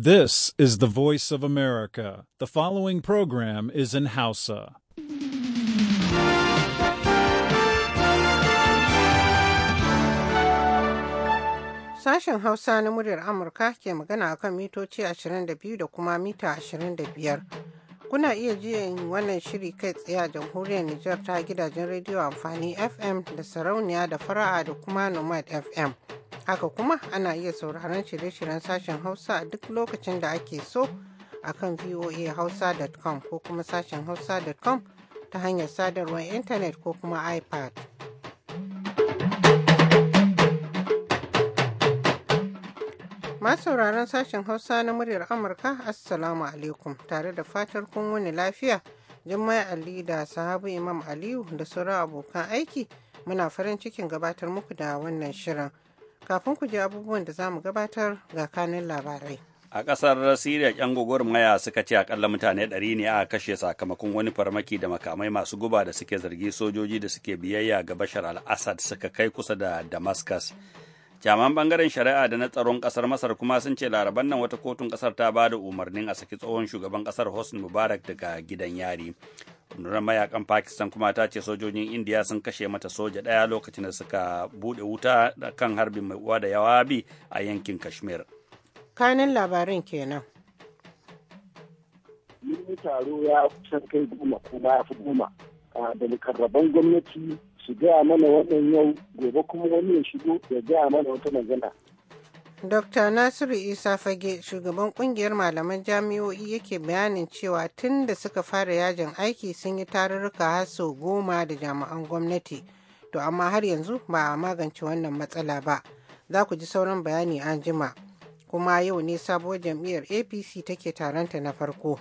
This is the voice of America. The following program is in Hausa. Sashen Hausa na muryar Amurka ke magana akan mitoci 22 da kuma mita 25. Kuna iya jiyan wannan shiri kai tsaye a jamhuriyar Nijar ta gidajen rediyo amfani FM da sarauniya da fara'a da kuma Nomad FM. Haka kuma ana iya sauraron shirye-shiryen sashen Hausa a duk lokacin da ake so a kan voahausa.com ko kuma sashen hausa.com ta hanyar sadarwar intanet ko kuma iPad. ma sauraron sashen Hausa na muryar Amurka, Assalamu alaikum, tare da fatar kun wani lafiya, Jummai Ali da sahabu Imam Aliyu da sauran abokan aiki muna farin cikin gabatar muku da wannan shirin. Kafin ku ji abubuwan da za mu gabatar ga kanin labarai. a ƙasar siriya yan maya suka ce akalla mutane ɗari ne a kashe sakamakon wani farmaki da makamai masu guba da suke zargi sojoji da suke biyayya ga bashar al-assad suka kai kusa da damascus jaman bangaren shari'a da na tsaron kasar masar kuma sun ce laraban nan wata kotun kasar ta ba da umarnin a saki tsohon shugaban kasar hosni mubarak daga gidan yari rundunar mayakan pakistan kuma ta ce sojojin indiya sun kashe mata soja ɗaya lokacin da suka bude wuta kan harbin mai uwa da yawa bi a yankin kashmir kanin labarin kenan taro ya kusan kai goma kuma ya fi goma ah, da gwamnati su gaya mana wannan yau gobe kuma wani ya shigo ya gaya mana wata magana. Dr. Nasiru Isa Fage, shugaban kungiyar malaman jami'o'i yake bayanin cewa tun da suka fara yajin aiki sun yi tarurruka har sau goma da jami'an gwamnati. To amma har yanzu ba a magance wannan matsala ba. Za ku ji sauran bayani an jima. Kuma yau ne sabuwar jam'iyyar APC take taronta na farko.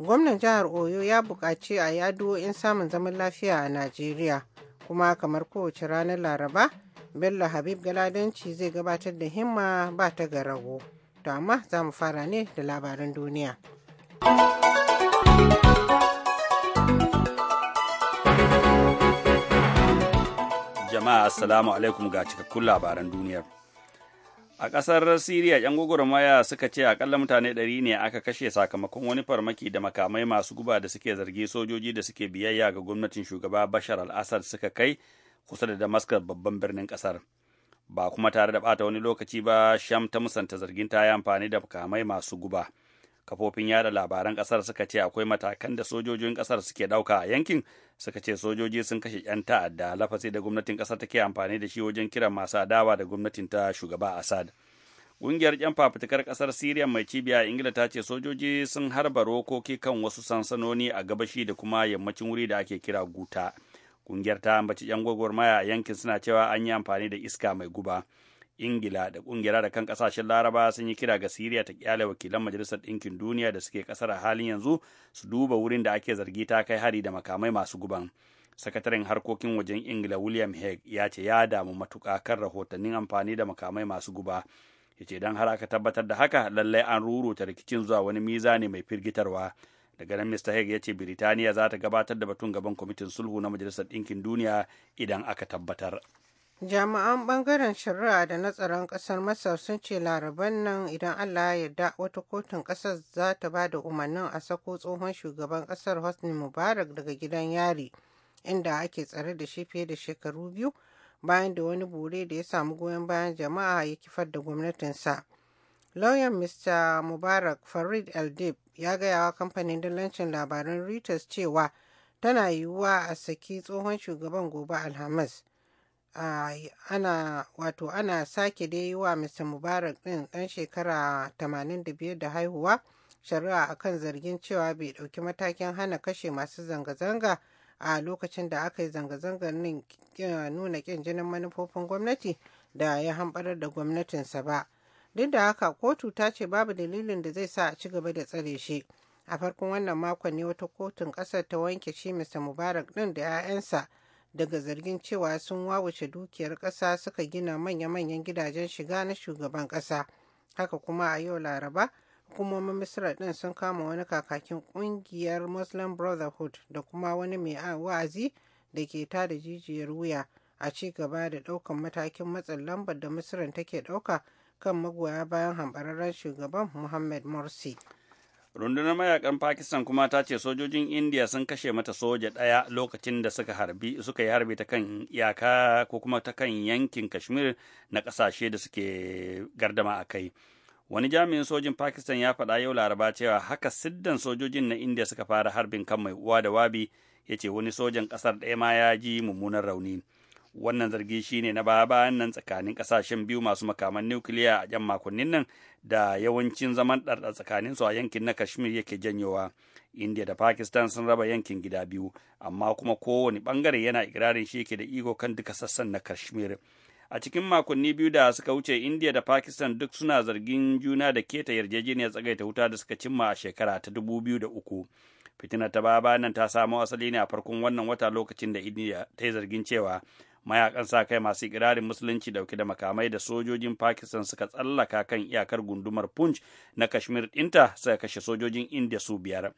Gwamnan jihar Oyo ya buƙaci a yaduwo in samun zaman lafiya a Najeriya. kuma kamar kowace ranar laraba bello habib galadanci zai gabatar da himma ba ta ga rago to amma za mu fara ne da labaran duniya jama'a assalamu alaikum ga cikakkun labaran duniyar A ƙasar Siriya, ‘yan gwagwarmaya suka ce akalla mutane ɗari ne aka kashe sakamakon wani farmaki da makamai masu guba da suke zargi sojoji da suke biyayya ga gwamnatin shugaba Bashar al suka kai kusa da damaskar babban birnin ƙasar. Ba kuma tare da ɓata wani lokaci ba, Sham ta musanta zargin ta yi amfani da makamai masu guba. kafofin yada labaran kasar suka ce akwai matakan da sojojin kasar suke dauka a yankin suka ce sojoji sun kashe 'yan ta'adda lafasai da gwamnatin kasar take amfani da shi wajen kiran masu adawa da gwamnatin ta shugaba assad Ƙungiyar ƴan fafutukar ƙasar Siriya mai cibiya a Ingila ta ce sojoji sun harba rokoki kan wasu sansanoni a gabashi da kuma yammacin wuri da ake kira guta. Ƙungiyar ta ambaci 'yan gwagwarmaya a yankin suna cewa an yi amfani da iska mai guba. ingila da kungiyar da kan kasashen laraba sun yi kira ga siriya ta kyale wakilan majalisar ɗinkin duniya da suke kasar a halin yanzu su duba wurin da ake zargi ta kai hari da makamai masu guban sakataren harkokin wajen ingila william hague ya ce ya damu matuƙa kan rahotannin amfani da makamai masu guba ya ce don har aka tabbatar da haka lallai an ruruta rikicin zuwa wani mizani mai firgitarwa daga nan mr hague ya ce biritaniya za ta gabatar da batun gaban kwamitin sulhu na majalisar ɗinkin duniya idan aka tabbatar Jami'an bangaren shari'a da na tsaron kasar Masar sun ce laraban nan idan Allah ya yarda wata kotun kasar za ta ba da umarnin a sako tsohon shugaban kasar Hosni Mubarak daga gidan yari inda ake tsare da shi fiye da shekaru biyu bayan da wani bore da ya samu goyon bayan jama'a ya kifar da gwamnatinsa. Lauyan Mr. Mubarak Farid Eldib ya gaya wa kamfanin dalancin labaran Reuters cewa tana yiwuwa a saki tsohon shugaban gobe Alhamis. ana wato ana sake dai yi wa Mr. Mubarak ɗin 'dan shekara 85 da haihuwa shari'a akan zargin cewa bai ɗauki matakin hana kashe masu zanga-zanga a lokacin da aka yi zanga-zangar nuna ƙin jinin manufofin gwamnati da ya hamɓarar da gwamnatinsa ba. Duk da haka kotu ta ce babu dalilin da zai sa a ci gaba da tsare shi. A farkon wannan makon ne wata kotun ƙasar ta wanke shi Mr. Mubarak ɗin da 'ya'yansa daga zargin cewa sun wawuce dukiyar ƙasa suka gina manya-manyan gidajen shiga na shugaban ƙasa haka kuma a yau laraba hukumomin misra ɗin sun kama wani kakakin ƙungiyar muslim brotherhood da kuma wani mai wa'azi da ke tada jijiyar wuya a ci gaba da ɗaukan matakin matsin lambar da misiran take ɗauka kan magoya bayan hambararren shugaban muhammad morsi rundunar mayakan pakistan kuma ta ce sojojin india sun kashe mata soja ɗaya lokacin da suka harbi suka yi harbi ta kan iyaka ko kuma ta kan yankin kashmir na ƙasashe da suke gardama a kai wani jami'in sojin pakistan ya faɗa yau laraba cewa haka siddan sojojin na india suka fara harbin kan mai uwa da wabi ya ce wani sojan ƙasar ɗaya ma ya ji mummunan rauni wannan zargi shine na baya bayan nan tsakanin kasashen biyu masu makaman nukiliya a yan makonnin nan da yawancin zaman ɗarɗa tsakanin su a yankin na kashmir yake janyowa india da pakistan sun raba yankin gida biyu amma kuma kowane bangare yana ikirarin shi yake da iko kan duka sassan na kashmir a cikin makonni biyu da suka wuce india da pakistan duk suna zargin juna da keta yarjejeniyar tsagaita wuta da suka cimma a shekara ta dubu biyu da uku fitina ta baya nan ta samo asali ne a farkon wannan wata lokacin da india ta yi zargin cewa mayakan sa kai masu ikirarin musulunci dauke da makamai da sojojin pakistan suka tsallaka kan iyakar gundumar punch na kashmir dinta suka kashe sojojin india su biyar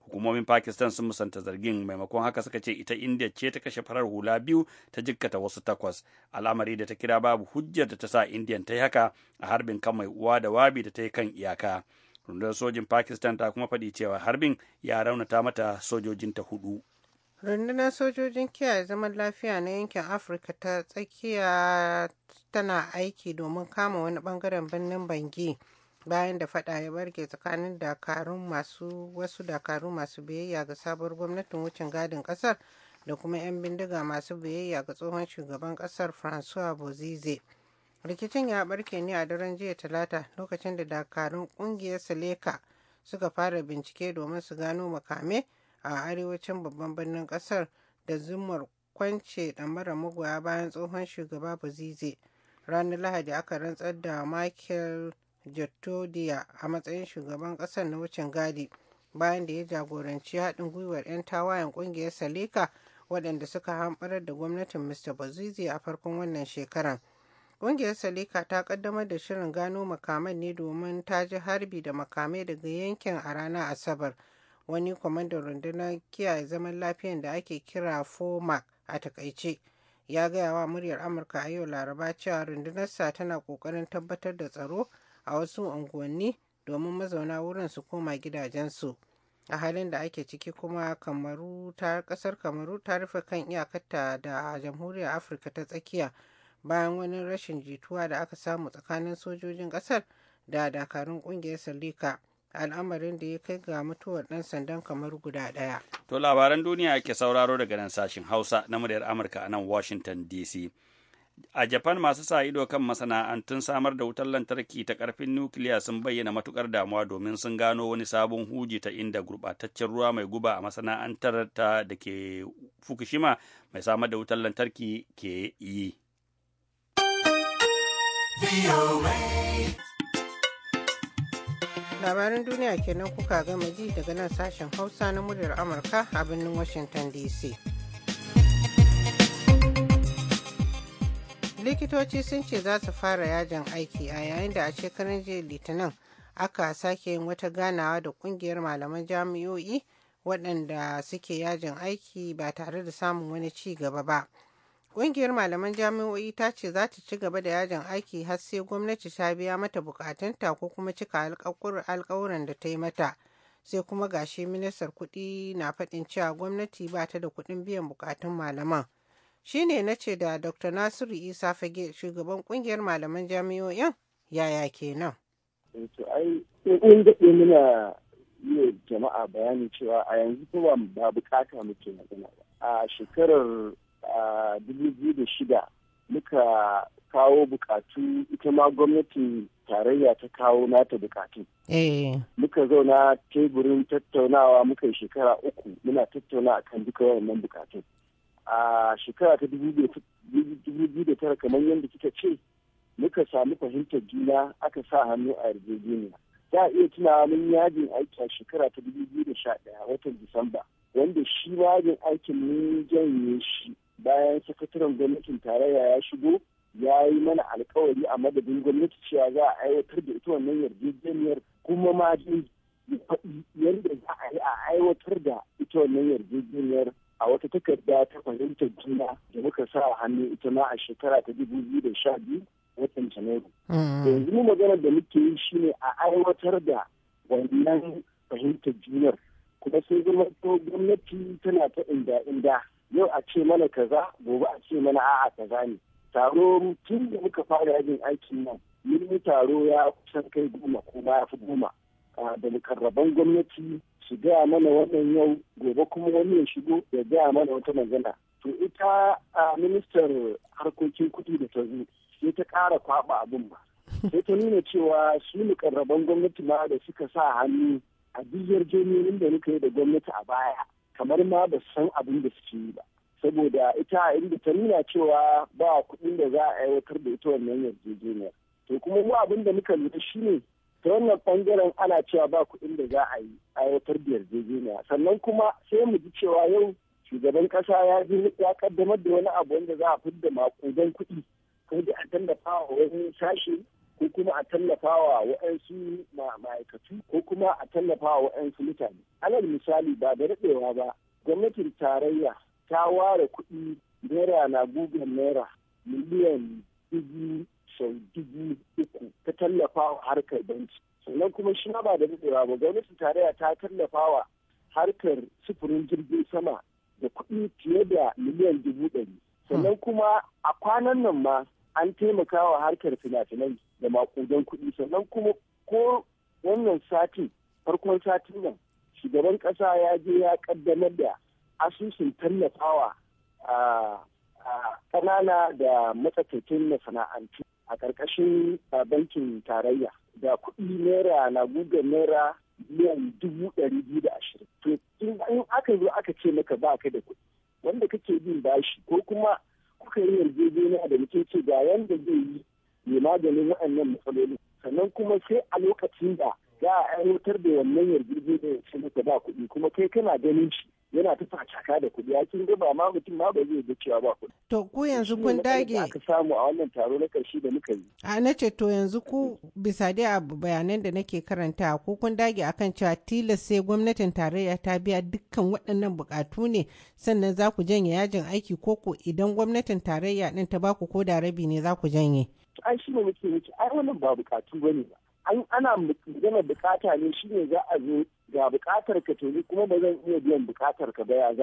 hukumomin pakistan sun musanta zargin maimakon haka suka ce ita india ce ta kashe farar hula biyu ta jikkata wasu takwas al'amari da ta kira babu hujjar da ta sa india ta yi haka a harbin kan mai uwa da wabi da ta yi kan iyaka rundunar sojin pakistan ta kuma faɗi cewa harbin ya raunata mata sojojinta hudu rundunar sojojin kiyaye zaman lafiya na yankin afirka ta tsakiya tana aiki domin kama wani bangaren birnin bangi bayan da fada ya barge tsakanin dakarun masu wasu dakaru masu biyayya ga sabuwar gwamnatin wucin gadin kasar da kuma 'yan bindiga masu biyayya ga tsohon shugaban kasar francois bozize rikicin ya barke ne a daren jiya talata lokacin da dakarun kungiyar seleka suka fara bincike domin su gano makame a arewacin babban birnin kasar da zumar kwance mara magoya bayan tsohon shugaba Buzize. Ranar Lahadi aka rantsar da Michael Jotodia a matsayin shugaban kasar na wucin gadi bayan da ya jagoranci haɗin gwiwar 'yan tawayen ƙungiyar Salika waɗanda suka hamɓarar da gwamnatin Mr. Bazizi a farkon wannan shekaran. Ƙungiyar Salika ta ƙaddamar da shirin gano makaman ne domin ta ji harbi da makamai daga yankin a ranar Asabar. wani kwamandan rundunar kiyaye zaman lafiyan da ake kira fomac a takaice ya gaya wa muryar amurka a yau laraba cewa rundunarsa tana kokarin tabbatar da tsaro a wasu unguwanni domin mazauna wurin su koma gidajensu a halin da ake ciki kuma kamaru ta kasar kamaru ta rufe kan iyakarta da jamhuriyar afirka ta tsakiya bayan wani rashin jituwa da aka samu tsakanin sojojin kasar da dakarun kungiyar salika al'amarin da ya kai ga mutuwar ɗan sandan kamar guda ɗaya. To labaran duniya ke sauraro daga nan sashin Hausa na muryar Amurka a nan Washington DC. A Japan masu sa ido kan masana'antun samar da wutar lantarki ta karfin nukiliya sun bayyana matukar damuwa domin sun gano wani sabon huji ta inda gurɓataccen ruwa mai guba a masana'antar ta da ke Fukushima mai samar da wutar lantarki ke yi. labaran duniya kenan kuka gama ji daga nan sashen hausa na muryar amurka a birnin washington dc likitoci sun ce za su fara yajin aiki a yayin da a shekarun jiya litinin aka sake yin wata ganawa da kungiyar malaman jami'o'i waɗanda suke yajin aiki ba tare da samun wani ci gaba ba. Ƙungiyar malaman jami'o'i ta ce za ta ci gaba da yajin aiki har sai gwamnati ta biya mata bukatunta ko kuma cika alkawuran da ta yi mata. Sai kuma gashi ministar kuɗi na faɗin cewa gwamnati ba ta da kuɗin biyan bukatun malaman. Shi ne na ce da Dr. Nasiru Isa Fage shugaban ƙungiyar malaman jami'o'in yaya kenan. Eh, to jama'a bayanin cewa a yanzu ba bukata mutum A shekarar shida muka kawo bukatu ita ma gwamnatin tarayya ta kawo nata bukatu. Eh. Muka zauna teburin tattaunawa muka yi shekara uku muna tattauna a kan duka wannan bukatu A shekara ta tara kamar yadda kika ce muka sami fahimtar juna aka sa hannu a yarjejeniya. Za a iya tuna mun yajin aiki a shekara ta ɗaya watan Disamba wanda shi yajin aikin mun janye shi bayan sakataren gwamnatin tarayya ya shigo ya yi mana alkawari a madadin gwamnati cewa za a aiwatar da ita wannan yarjejeniyar kuma ma faɗi yadda za a yi a aiwatar da ita wannan yarjejeniyar a wata takarda ta fahimtar juna da muka sa a hannu ita ma a shekara ta dubu biyu da sha biyu watan janairu. Mm-hmm. yanzu mu maganar da muke yi shine a aiwatar da wannan fahimtar junar kuma sai zama gwamnati tana ta inda inda yau a ce mana kaza gobe a ce mana a'a kaza ne taro tun da muka fara yajin aikin nan mun yi taro ya kusan kai goma ko ma ya fi goma da mukarraban gwamnati su gaya mana wannan yau gobe kuma wani ya shigo ya gaya mana wata magana to ita a ministar harkokin kudi da ta sai ta ƙara kwaba abin ba sai ta nuna cewa su mukarraban gwamnati ma da suka sa hannu a duk yarjejeniyoyin da muka yi da gwamnati a baya kamar ma ba san abin da suke yi ba saboda ita inda ta nuna cewa ba kuɗin da za a aiwatar da ita wannan yarjejeniyar to kuma mu abin da muka lura shine ta wannan ɓangaren ana cewa ba kuɗin da za a yi aiwatar da yarjejeniya sannan kuma sai mu ji cewa yau shugaban ƙasa ya ji ya kaddamar da wani abu wanda za a fidda makudan kuɗi ko da a tallafa wa wani sashe ko kuma a tallafawa waɗansu ma'aikatu ko kuma a tallafawa waɗansu mutane alal misali ba da daɗewa ba gwamnatin tarayya ta ware kuɗi naira na Google naira miliyan dubu sau dubu uku ta tallafawa harkar banki sannan kuma shi ba da daɗewa ba gwamnatin tarayya ta tallafawa harkar sufurin jirgin sama da kuɗi fiye da miliyan dubu ɗari hmm. sannan kuma a kwanan nan ma an taimaka wa harkar fina-finai da makudan kuɗi sannan kuma ko wannan satin farkon satin nan shugaban ƙasa ya je ya ƙaddamar da asusun tallafawa a ƙanana da matsakaitun masana'antu a ƙarƙashin bankin tarayya da kuɗi naira na gugar naira miliyan dubu ɗari biyu da ashirin to in aka zo aka ce maka ba ka da kuɗi wanda kake bin bashi ko kuma kuka yi yarjejeniya da mutum ce ga yadda zai yi mai maganin waɗannan matsaloli sannan kuma sai a lokacin da za a aiwatar da wannan yarjejeniya ce maka ba kuɗi kuma kai kana ganin shi yana tafa caka da kuɗi a kin ba ma mutum ma ba zai cewa ba kuɗi. To ku yanzu kun dage. Aka samu a wannan taro na ƙarshe da muka yi. A na ce to yanzu ku bisa dai a bayanan da nake karanta ko kun dage akan cewa tilas sai gwamnatin tarayya ta biya dukkan waɗannan buƙatu ne sannan za ku janye yajin aiki ko ko idan gwamnatin tarayya ɗin ta baku ko da rabi ne za ku janye. Ai shi ne muke muke ai wannan ba buƙatu ba ne ba. an ana gama bukata ne shi ne za a zo ga bukatar ka tori kuma ba zan iya biyan bukatar ka ba ya yi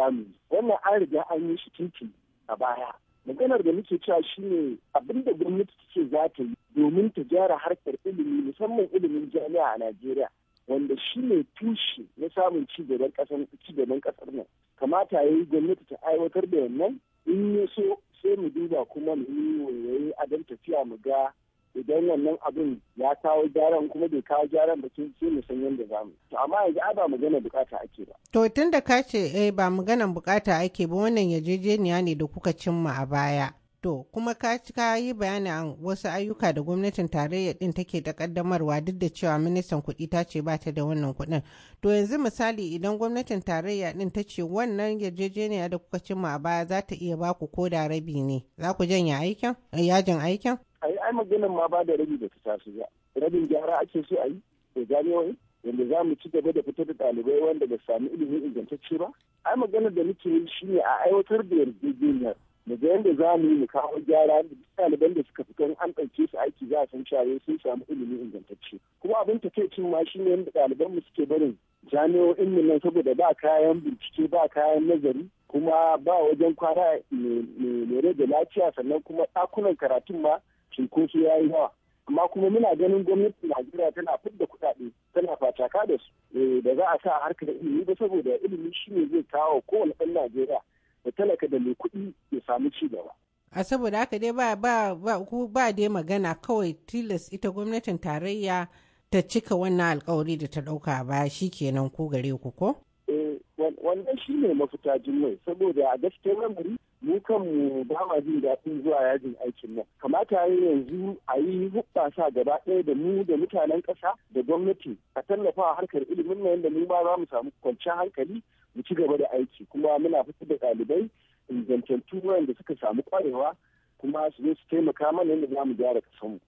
wannan an riga an yi shi titi a baya maganar da muke cewa shine abin da gwamnati take za ta yi domin ta gyara harkar ilimi musamman ilimin jami'a a Najeriya wanda shi ne tushe na samun cigaban kasar cigaban kasar nan kamata yayi gwamnati ta aiwatar da wannan in ya so sai mu duba kuma mu yi wayoyi dan tafiya mu ga idan wannan abin ya kawo gyaran kuma bai kawo gyaran ba sun ce san yadda za mu to amma yanzu ai ba magana bukata ake ba to tun da ka ce eh ba maganan bukata ake ba wannan yajejeniya ne da kuka cimma a baya To, kuma ka yi bayani an wasu ayyuka da gwamnatin tarayya din take da kaddamarwa duk da cewa ministan kuɗi ta ce ba ta da wannan kuɗin. To yanzu misali idan gwamnatin tarayya din ta ce wannan yarjejeniya da kuka cimma a baya za ta iya ba ku ko da rabi ne, za ku janya aikin, eh, yajin aikin? Ai, ai maganin ma ba da rabi da ta tasu ba. Rabin gyara ake so a yi, da jami'o'i, wanda za mu ci gaba da fitar da ɗalibai wanda ba su sami ilimin ingantacce ba. Ai maganar da muke yi shine a aiwatar da yarjejeniyar. daga yadda za mu yi mu kawo gyara da ɗaliban da suka fito an ɗauke su aiki za a san cewa eh sun samu ilimi ingantacce kuma abin ta kai ma shi ne yadda ɗaliban mu suke barin jami'o'in mu nan saboda ba kayan bincike ba kayan nazari kuma ba wajen kwana mai rage lafiya sannan kuma ɗakunan karatun ma cinkoso ya yi hawa. amma kuma muna ganin gwamnatin najeriya tana fidda kuɗaɗe tana fataka da su da eh, za a sa harkar ilimi ba saboda ilimi shi ne zai kawo kowane ɗan najeriya da talaka da mai kuɗi ya samu ci gaba. A saboda haka dai ba ba ba ku ba dai magana kawai tilas ita gwamnatin tarayya ta cika wannan alkawari da ta ɗauka ba shi kenan ku gare ku ko? Eh wannan shi ne mafita jimmai saboda a gaskiyar lamari mu kanmu ba ma jin daɗin zuwa yajin aikin nan kamata ya yanzu a yi hubbasa gaba ɗaya da mu da mutanen ƙasa da gwamnati a tallafawa harkar ilimin nan da mu ba za mu samu kwanciyar hankali mu ci gaba da aiki kuma muna fitar da ɗalibai ingantattu wanda suka samu ƙwarewa kuma su zo su taimaka mana yadda za mu gyara kasanmu.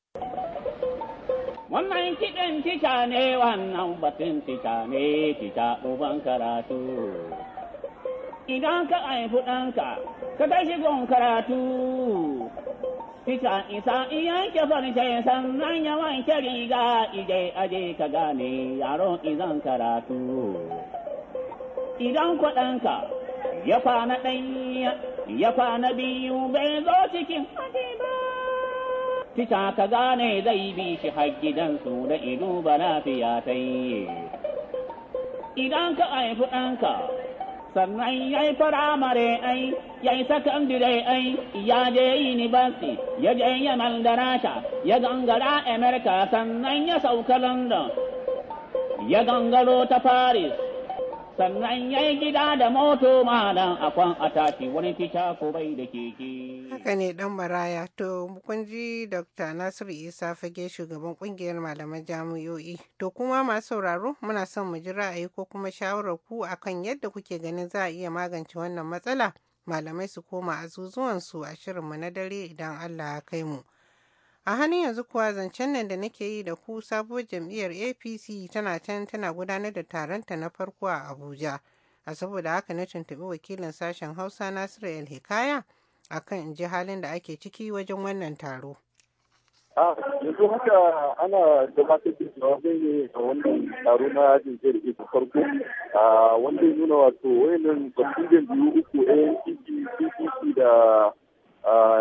Wannan kiɗin tita ne wannan batun tita ne tita ɗuban karatu. idan ka haifi ɗanka, ka tashi gun karatu. Fita isa iyan ke farce sannan ya wanke riga ije aje ka gane yaron izan karatu. Idan ɗanka ya kwana ɗanya ya kwana biyu bai zo cikin haɗe ba. Fita ka gane zai bi shi har gidansu da ido ba lafiya ta yi. Idan ka haifi ɗanka, sannan ya yi faramare ai ya yi sakan ai ya je university ya je yaman da ya gangara america sannan ya sauka london ya gangaro ta paris sannan ya yi gida da moto malam akwan a tashi wani fita ko bai da keke Haka ne dan maraya to kun ji Dr. Nasiru Isa fage shugaban kungiyar malaman jami'o'i. To kuma masu sauraro muna son mu ji ra'ayi ko kuma shawarar ku akan yadda kuke ganin za a iya magance wannan matsala. Malamai su koma azuzuwansu a shirinmu na dare idan Allah ya kai mu. A hannun yanzu kuwa zancen nan da nake yi da ku sabuwar jam'iyyar APC tana can tana gudanar da taronta na farko a Abuja. A saboda haka na tuntuɓi wakilin sashen Hausa Nasiru El Hikaya. akan in ji halin da ake ciki wajen wannan taro. a yanzu haka ana gabatar da jawabai ne a wannan taro na jirgin ita farko a wanda ya nuna wato wayannan jam'iyyar biyu uku a cpp da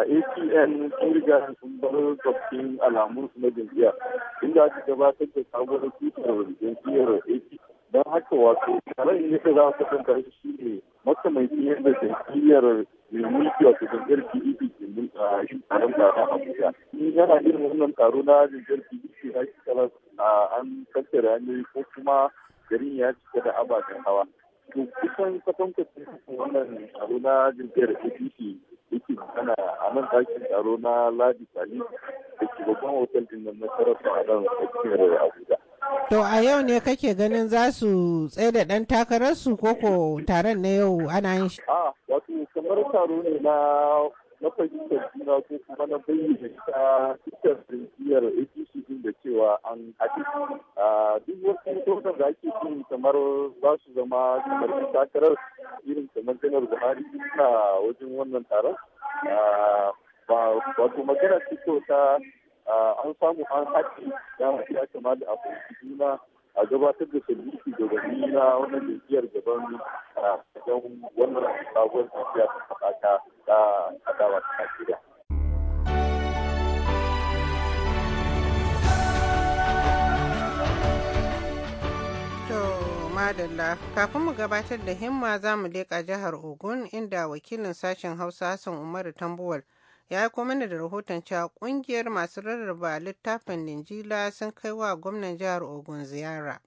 acn sun riga sun bar sabbin alamun su na jam'iyyar inda ake gabatar da sabuwar tutar jam'iyyar acp don haka wato taron yadda za su kan karshe shi ne makamancin yadda jam'iyyar unity wato jam'iyyar pdp ke mun yin taron taron abuja ni yana irin wannan taro na jam'iyyar pdp na a an tattara hanyoyi ko kuma garin ya cika da ababen hawa to kusan kwatankwacin wannan taro na jam'iyyar pdp yake magana a nan ɗakin taro na ladi sani da ke babban hotel din nan na sarrafa a nan cikin abuja To a yau ne kake ganin za su tsaye da ɗan takararsu koko taron na yau ana yin shi? wato kamar taro ne na na juna ko kuma na bayyana ta fitar jam'iyyar APC din da cewa an haɗe. Duk wasu mutum da ake cin kamar za su zama kamar takarar irin kamar janar Buhari a wajen wannan taron. Wato magana ce ta an samu an haɗe ya kamata a fahimci juna a gabatar da sabisi da gani na wannan jam'iyyar gaban don wannan sabuwar tafiya ta faɗaka ta adawa ta kira. madalla kafin mu gabatar da himma za mu leƙa jihar ogun inda wakilin sashen hausa hassan umaru tambuwal ya aiko mana da rahoton cewa kungiyar masu rarraba littafin ninjila sun kai wa gwamnan jihar ogun ziyara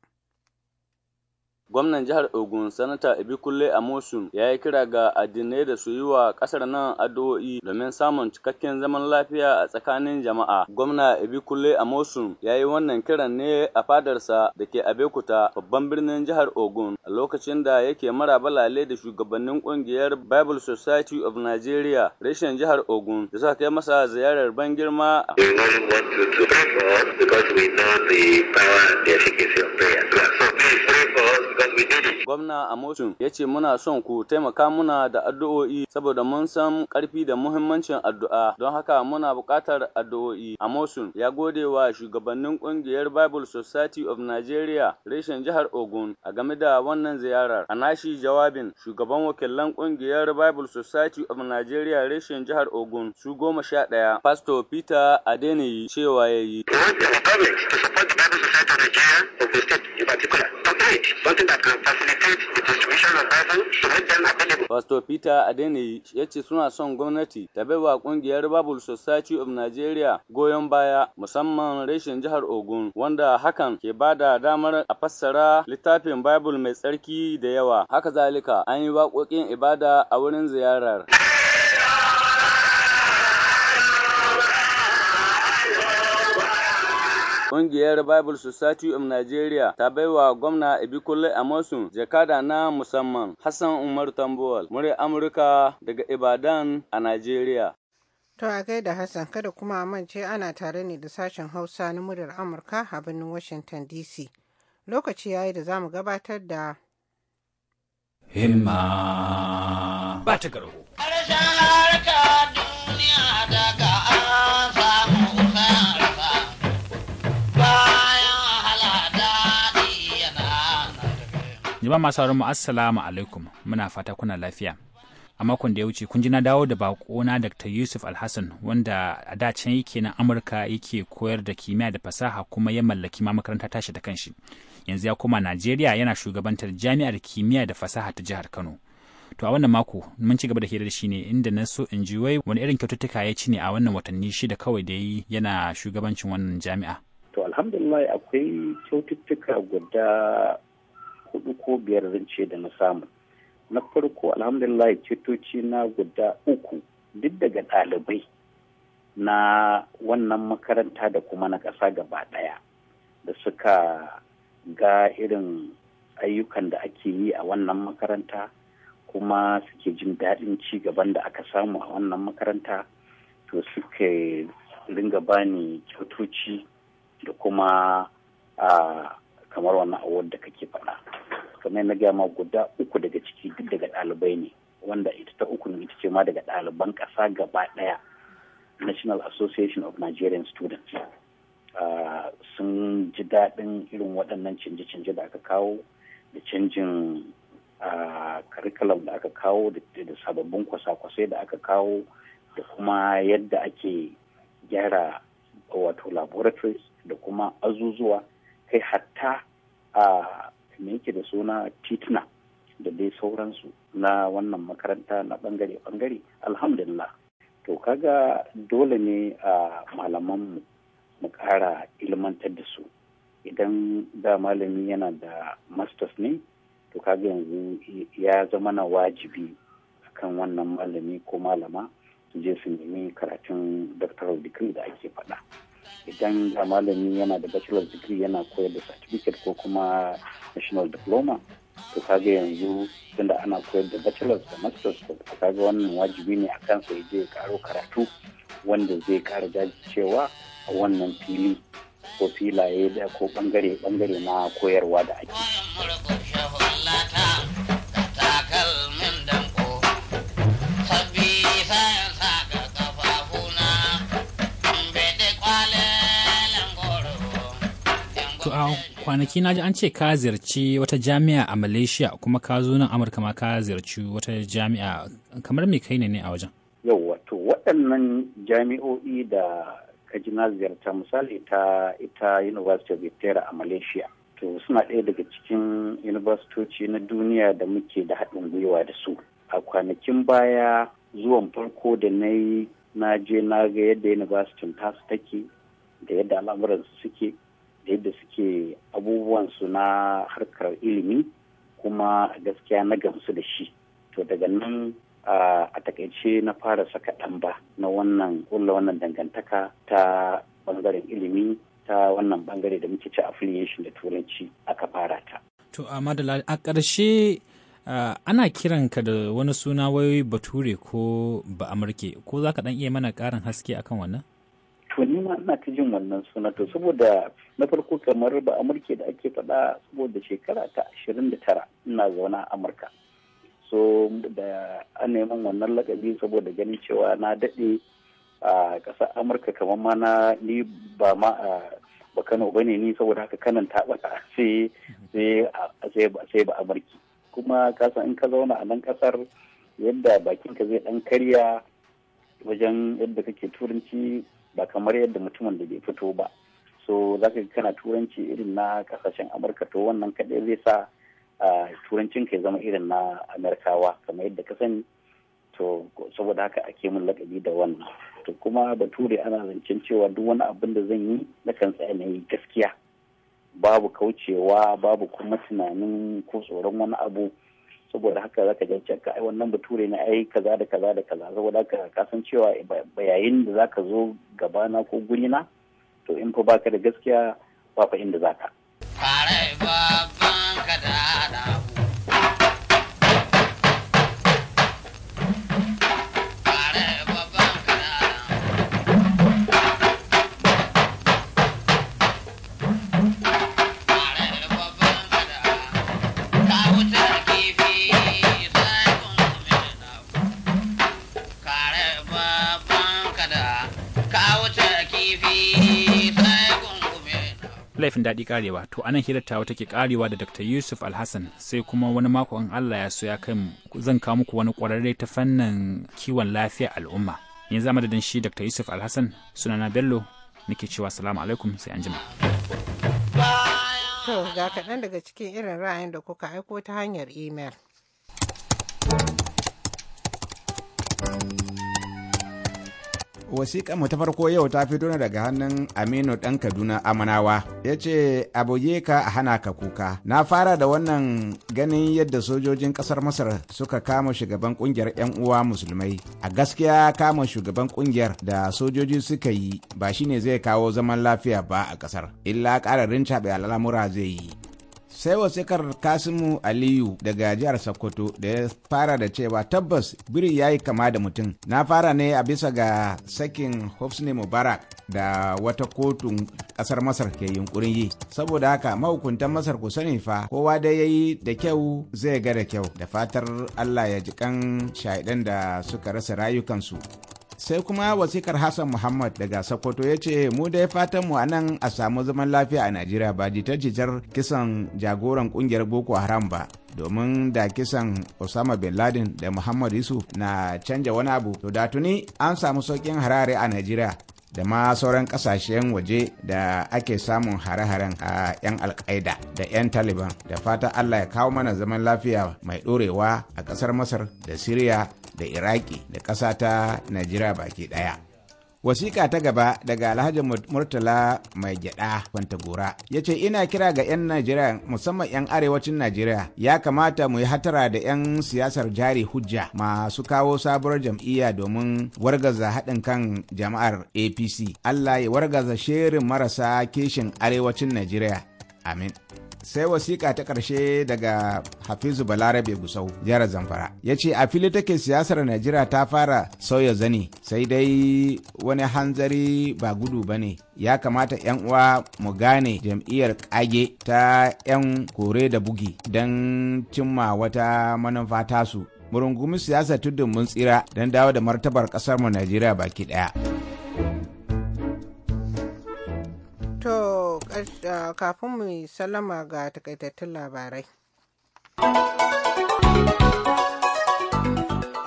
Gwamnan jihar Ogun Sanata ibikulle Amosun ya yi kira ga addinai da su yi wa ƙasar nan addu'o'i domin samun cikakken zaman lafiya a tsakanin jama'a. Gwamna Abikunle Amosun ya yi wannan kiran ne a fadarsa da ke Abeokuta babban birnin jihar Ogun a lokacin da yake marabalale da shugabannin ƙungiyar Bible Society of Nigeria reshen jihar Ogun da suka kai masa ziyarar ban girma. because we Gwamna Amosun ya ce muna son ku taimaka muna da addu'o'i saboda mun san ƙarfi da muhimmancin addu'a don haka muna buƙatar addu'o'i. Amosun ya gode wa shugabannin ƙungiyar Bible Society of Nigeria reshen jihar Ogun a game da wannan ziyarar. A nashi jawabin shugaban wakilan ƙungiyar Bible Society of Nigeria reshen jihar Ogun su goma sha ɗaya Pastor Peter Adeniyi cewa ya yi. care of the state in particular. Pastor Peter Adeni ya ce suna son gwamnati ta baiwa kungiyar Bible Society of Nigeria goyon baya musamman reshen jihar Ogun wanda hakan ke bada damar a fassara littafin Bible mai tsarki da yawa. Haka zalika an yi waƙoƙin ibada a wurin ziyarar. Ƙungiyar Bible Society of Nigeria ta bai wa Gwamna Abikunle Amosun jakada na musamman. Hassan Umar Tambuwal, murya Amurka daga Ibadan a Nigeria. To a gaida Hassan kada kuma a mance ana tare ne da sashen Hausa na muryar Amurka a birnin Washington DC. Lokaci ya yi da za mu gabatar da himma ba ta garo. duniya daga Jama'a masu mu assalamu alaikum muna fata kuna lafiya. A makon da ya wuce kun ji na dawo da bakona Dr. Yusuf Alhassan wanda a da can yake nan Amurka yake koyar da kimiyya da fasaha kuma ya mallaki ma makaranta tashi da kanshi. Yanzu ya koma Najeriya yana shugabantar jami'ar kimiyya da fasaha ta jihar Kano. To a wannan mako mun ci gaba da hirar shi ne inda na so in ji wai wani irin kyaututtuka ya ci ne a wannan watanni shida kawai da yi yana shugabancin wannan jami'a. To alhamdulillah akwai kyaututtuka guda hudu ko biyar zance da na samu na farko alhamdulillah cetoci na guda uku duk daga ɗalibai na wannan makaranta da kuma na ƙasa gaba ɗaya da suka ga irin ayyukan da ake yi a wannan makaranta kuma suke jin daɗin ci gaban da aka samu a wannan makaranta to suke ringa bani kyautoci da kuma ah, kamar wannan awar da kake faɗa. kamar na gama guda uku daga ciki duk daga ɗalibai ne wanda ita ta uku ita ce ma daga ɗaliban ƙasa gaba ɗaya national association of nigerian students ah, sun ji daɗin irin waɗannan canje-canje da aka kawo da canjin ah, curriculum da aka kawo da sababbin kwasa-kwasai da aka kawo da kuma yadda ake gyara wato laboratories da kuma azuzuwa kai hatta ah, me yake da suna tituna da dai sauransu na wannan makaranta na bangare-bangare alhamdulillah to kaga dole ne a malamanmu mu ƙara ilmantar da su idan da malami yana da masters ne to kaga yanzu ya zama na wajibi akan wannan malami ko malama su je su nemi karatun doctoral degree da ake faɗa. idan da malami yana da bachelor degree yana koyar da certificate ko kuma national diploma to kaga yanzu tunda ana koyar da bachelor da masters to kaga wannan wajibi ne akan kansa ya je ya karo karatu wanda zai kara jajircewa a wannan fili ko filaye da ko bangare bangare na koyarwa da ake. a kwanaki na ji an ce ka ziyarci wata jami'a a malaysia kuma ka zo nan amurka ma ka ziyarci wata jami'a kamar me kai ne ne a wajen yau wato waɗannan jami'o'i da ka ji na ziyarta misali ta ita university of victoria a malaysia to suna ɗaya daga cikin universitoci na duniya da muke da haɗin gwiwa da su a kwanakin baya zuwan farko da na yi na je na ga yadda university ta take da yadda al'amuransu suke da yadda suke abubuwansu na harkar ilimi kuma gaskiya na gamsu da shi to daga nan a takaice na fara saka ɗamba na wannan kulla wannan dangantaka ta bangaren ilimi ta wannan bangare da muke ci affiliation da turanci aka fara ta to a madala a ƙarshe ana kiranka da wani suna wayoyi bature ko ba amurke ko za ka ɗan iya mana ƙarin haske akan wannan ana ina ta jin wannan suna to saboda na farko kamar ba amurke da ake faɗa saboda shekara ta ashirin da tara ina zaune a amurka so da an neman wannan lakabi saboda ganin cewa na daɗe a ƙasa amurka kamar ma na ni ba ma a ba kano ba ne ni saboda haka kanan ta ɓata sai ba amurki kuma kasa in ka zauna a nan ƙasar yadda bakinka zai ɗan karya wajen yadda kake turanci ba kamar yadda mutumin da bai fito ba so za ka kana turanci irin na kasashen amurka to wannan kaɗai zai sa turancin ka zama irin na amerikawa kamar yadda ka sani to saboda haka ake mun lakabi da wannan to kuma bature ana zancen cewa duk wani abin da zan yi na kan tsaya na yi gaskiya babu kaucewa babu kuma tunanin ko tsoron wani abu saboda haka zaka ji can ka ai wannan bature na ai kaza da kaza da kaza saboda haka ka san cewa yayin da zaka zo gabana ko guri na to in fa baka da gaskiya ba fa inda zaka. Fare ba jin daɗi karewa to anan hirar tawa take karewa da Dr. Yusuf Alhassan sai kuma wani mako in Allah ya so ya kai mu zan kawo muku wani ƙwararre ta fannin kiwon lafiya al'umma yanzu a madadin shi Dr. Yusuf Alhassan sunana Bello nake cewa salamu alaikum sai anjima. jima. To ga kaɗan daga cikin irin ra'ayin da kuka aiko ta hanyar imel. wasiƙa mu ta farko yau ta fito ne daga hannun aminu ɗan kaduna amanawa ya ce "Aboye ka a hana ka kuka na fara da wannan ganin yadda sojojin ƙasar masar suka kama shugaban ƙungiyar 'yan uwa musulmai a gaskiya kama shugaban ƙungiyar da sojoji suka yi ba shine zai kawo zaman lafiya ba a ƙasar illa ƙararin caɓe al'amura zai yi sai wasikar kasimu aliyu daga jihar sokoto da ya fara da cewa tabbas biri ya yi kama da mutum na fara ne a bisa ga sakin hosni mubarak da wata kotun kasar masar ke yunkurin yi saboda haka mahukuntan masar ku sani fa kowa da ya yi da kyau zai ga da kyau da fatar allah ya ji kan shaidan da suka rasa rayukansu sai kuma wasikar hassan muhammad daga sokoto ya ce mu dai fatan mu anan a samu zaman lafiya a najeriya ba jita-jitar kisan jagoran kungiyar boko haram ba domin da kisan osama bin laden da muhammad yusuf na canja wani abu to da tuni an samu sauƙin harare a najeriya da ma sauran kasashen waje da ake samun hare-haren a 'yan alkaida da 'yan taliban da fata allah ya kawo mana zaman lafiya mai ɗorewa a ƙasar masar da siriya da iraki da ƙasa ta najeriya baki ɗaya wasiƙa ta gaba daga alhaji murtala mai gyada Gora. ya ce ina kira ga 'yan najeriya musamman 'yan arewacin najeriya ya kamata mu yi hatara da 'yan siyasar jari hujja masu kawo sabuwar jam'iyya domin wargaza haɗin kan jama'ar apc allah ya wargaza shirin marasa kishin arewacin najeriya amin sai wasiƙa ta ƙarshe daga hafizu balarabe gusau jihar zamfara ya ce a fili take siyasar najeriya ta fara sauya zani sai dai wani hanzari ba gudu ba ne ya kamata 'yan uwa mu gane jam'iyyar Kage ta 'yan kore da bugi don cimma wata manufa tasu murungumin siyasa tudun mun tsira don dawo da martabar mu najeriya baki ɗaya. Ah, kafin mu sallama ga takaitattun labarai.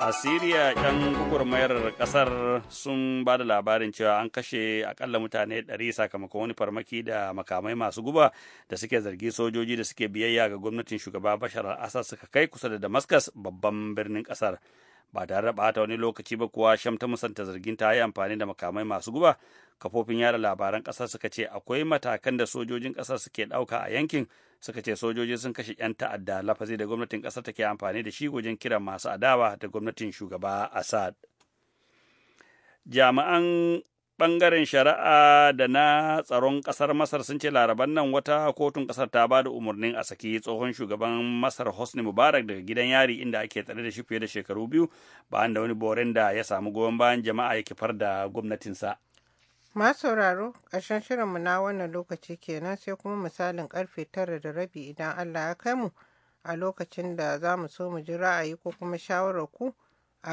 a siriya yan gugurmayar kasar sun ba da labarin cewa an kashe akalla mutane 100 sakamakon wani farmaki da makamai masu guba da suke zargi sojoji da suke biyayya ga gwamnatin shugaba bashar al-assad suka kai kusa da damascus babban birnin kasar ba tare da bata wani lokaci ba kuwa sham ta musanta zargin ta yi amfani da makamai masu guba kafofin yada labaran ƙasar suka ce akwai matakan da sojojin ƙasar suke ɗauka a yankin suka ce sojoji sun kashe 'yan ta'adda lafazi da gwamnatin ƙasar take amfani da shi wajen kiran masu adawa da gwamnatin shugaba assad jami'an bangaren shari'a da na tsaron ƙasar masar sun ce laraban nan wata kotun ƙasar ta ba da umarnin a saki tsohon shugaban masar hosni mubarak daga gidan yari inda ake tsare da shi fiye da shekaru biyu bayan da wani borin da ya samu goyon bayan jama'a ya kifar da gwamnatinsa Ma sauraro, ƙarshen shirinmu na wannan lokaci kenan sai kuma misalin karfe tara da rabi idan Allah ya kai mu a lokacin da za mu so mu ji ra'ayi ko kuma shawarar ku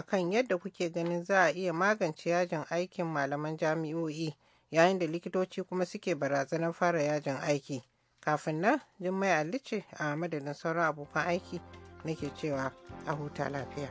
kan yadda kuke ganin za a iya magance yajin aikin malaman jami'o'i yayin da likitoci kuma suke barazanar fara yajin aiki. Kafin nan, Jummai Alice a madadin sauran abokan aiki nake cewa a huta lafiya.